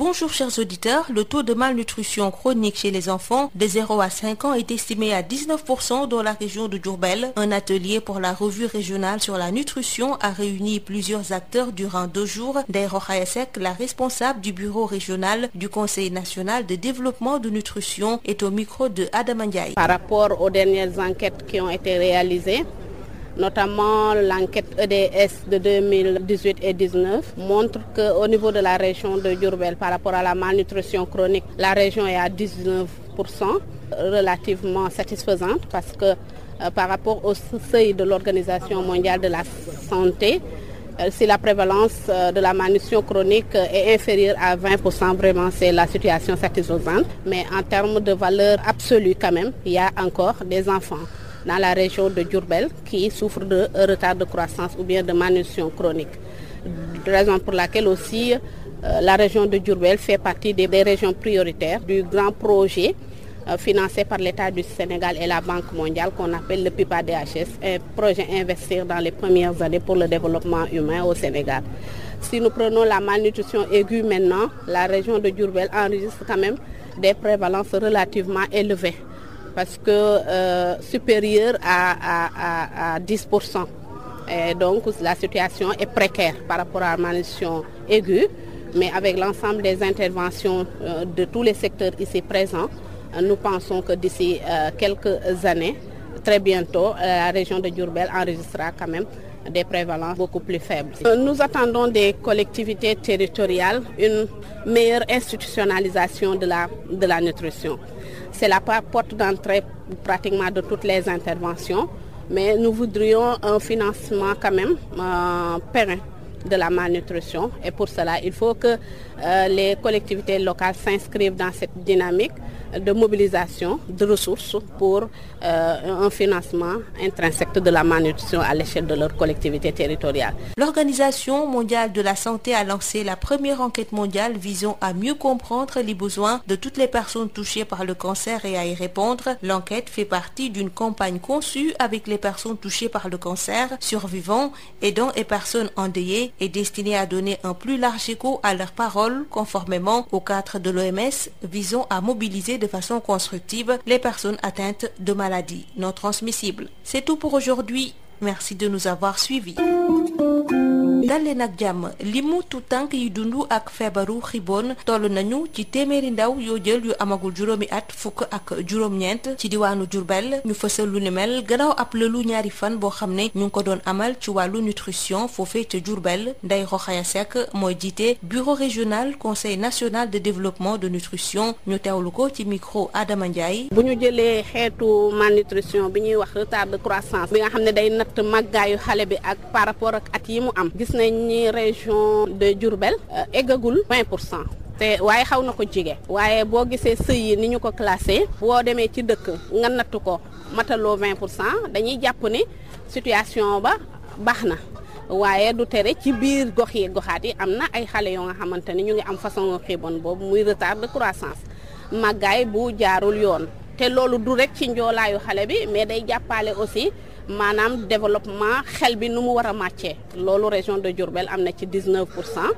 Bonjour chers auditeurs, le taux de malnutrition chronique chez les enfants de 0 à 5 ans est estimé à 19% dans la région de Diourbel. Un atelier pour la revue régionale la nutrition a réuni Conseil national de développement de nutrition, est au micro de Adama Ndiaye. Par rapport aux dernières notamment l'enquête EDS de 2018 et 2019 montre qu'au niveau de la région de Diourbel par rapport à la malnutrition chronique, la région est à 19%, relativement satisfaisante parce que euh, par rapport au seuil de l'Organisation mondiale de la santé, euh, si la euh, de la malnutrition chronique est inférieure à 20%, vraiment c'est la situation satisfaisante. Mais en termes de valeur absolue quand même, y encore des enfants dans la région de Diourbel qui souffrent de retard de croissance ou bien de malnutrition chronique. Raison pour laquelle aussi euh, la région de Diourbel fait partie des, des régions prioritaires du grand projet euh, financé par l'État du Sénégal et la Banque mondiale qu'on appelle le PIPA-DHS, un projet investir dans les premières années pour le développement humain au Sénégal. Si nous prenons la malnutrition aiguë maintenant, la région de Diourbel enregistre quand même des prévalences relativement élevées. parce que euh, supérieur à, à, à, à 10%. Et donc la situation est précaire par rapport à la malnutrition aiguë, mais avec l'ensemble des interventions euh, de tous les secteurs ici présents, euh, nous pensons que d'ici euh, quelques années, très bientôt, euh, la région de Diourbel enregistrera quand même des prévalences beaucoup plus faibles. Euh, nous attendons des collectivités territoriales une meilleure institutionnalisation de la, de la nutrition. C'est la porte d'entrée pratiquement de toutes les interventions, mais nous voudrions un financement quand même euh, de la malnutrition. Et pour cela, il faut que euh, les collectivités locales s'inscrivent dans cette dynamique de mobilisation de ressources pour euh, un financement intrinsèque de la malnutrition à l'échelle de leur collectivité territoriale. L'Organisation mondiale de la santé a lancé la première enquête mondiale visant à mieux comprendre les besoins de toutes les personnes touchées par le cancer et à y répondre. L'enquête fait partie d'une campagne conçue avec les personnes touchées par le cancer, est destiné à donner un plus large écho à leurs paroles, conformément au cadre de l'OMS visant à mobiliser de façon constructive les personnes atteintes de maladies non transmissibles. C'est tout pour aujourd'hui. Merci de nous avoir suivis. daleen nag jàmm li mu tuutànk yi dund ak feebaru xiboon toll nañu ci téeméeri ndaw yoo jël yu amagul juróomi at fukk ak juróom-ñeent ci diwaanu Jurbel ñu fësal lu ni mel gannaaw ab lëlu ñaari fan boo xam ne ñu ngi ko doon amal ci wàllu nutrition foofee ca Jurbel Ndeye Rokhaya Seck mooy jiite bureau régional conseil national de développement de nutrition ñu teewlu ko ci micro Adama Ndiaye. bu ñu jëlee xeetu malnutrition bi ñuy wax retard de croissance bi nga xam ne day natt màggaayu xale bi ak par rapport ak at yi gis nañ ni région de Diourbel euh, eggagul vingt pour cent te waaye xaw na ko jige waaye boo gisee sëy ni ñu ko classé boo demee ci dëkk nga nattu ko mataloo vingt pour cent dañuy jàpp ni situation ba baax na waaye du tere ci biir gox yi goxaat yi am na ay xale yoo nga xamante ni ñu ngi am façon xiibon boobu muy retard de croissance màggaay bu jaarul yoon te loolu du rek ci njoolaayu xale bi mais day jàppale aussi maanaam développement xel bi nu mu war a màccee loolu région de Diourbel am na ci 19 pour cent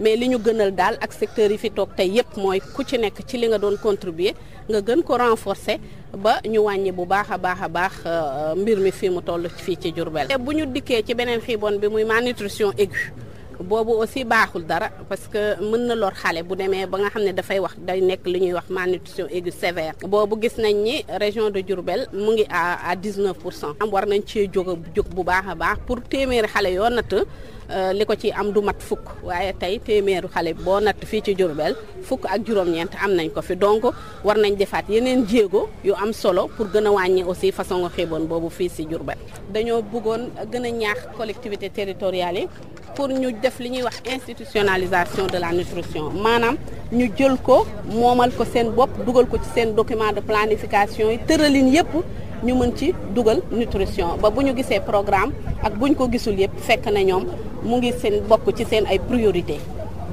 mais li ñu gënal daal ak secteurs yi fi toog tey yépp mooy ku ci nekk ci li nga doon contribuer nga gën ko renforcer ba ñu wàññi bu baax a baax a baax euh, mbir mi fii mu toll fii ci Diourbel. te bu ñu dikkee ci beneen xiibon bi muy malnutrition aiguë. boobu aussi baaxul dara parce que mën na lor xale bu demee ba nga xam ne dafay wax day nekk li ñuy wax malnutrition aiguë sévère boobu gis nañ ni région de Diourbel mu ngi à à 19 pour cent am war nañ cee jóg jóg bu baax a baax pour téeméeri xale yoo natt euh, li ko ci am du mat fukk waaye tey téeméeri xale boo natt fii ci Diourbel fukk ak juróom-ñeent am nañ ko fi donc war nañ defaat yeneen jéego yu am solo pour gën a wàññi aussi façon nga xiiboon boobu fii si Diourbel dañoo bëggoon gën a ñaax collectivité territoriale yi pour ñu def li ñuy wax institutionnalisation de la nutrition maanaam ñu jël ko moomal ko seen bopp dugal ko ci seen document de planification yi tëralin yépp ñu mën ci dugal nutrition ba bu ñu gisee programme ak bu ñu ko gisul yépp fekk na ñoom mu ngi seen bokk ci seen ay priorité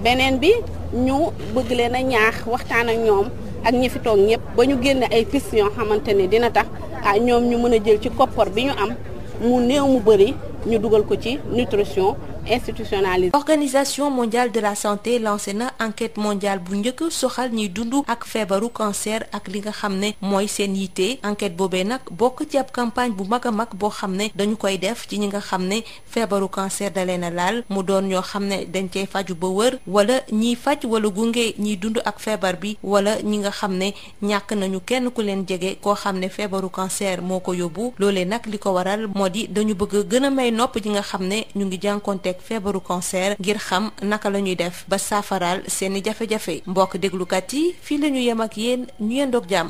beneen bi ñu bëgg leen a ñaax waxtaan ak ñoom ak ñi fi toog ñépp ba ñu génne ay piste yoo xamante ne dina tax ah ñoom ñu mën a jël ci koppar bi ñu am mu néew mu bari ñu dugal ko ci nutrition institutionnalisé. organisation mondial de la santé lancé na enquête mondiale bu njëkk soxal ñiy dund ak feebaru cancer ak li nga xam ne mooy seen yitte enquête boobe nag bokk ci ab campagne bu mag a mag boo xam ne dañu koy def ci ñi nga xam ne feebaru cancer da na laal mu doon ñoo xam ne dañ cey faju ba wër wala ñii faj wala gunge ñiy dund ak feebar bi wala ñi nga xam ne ñàkk nañu kenn ku leen jege koo xam ne feebaru cancer moo ko yóbbu loolee nag li ko waral moo di dañu bëgg gën a may nopp ñi nga xam ne ñu ngi jànkonte feebaru cancer ngir xam naka la ñuy def ba saafaraal seeni jafe-jafe mbokk déglukat yi fii la ñu yem ak yéen ñu yendoog jàmm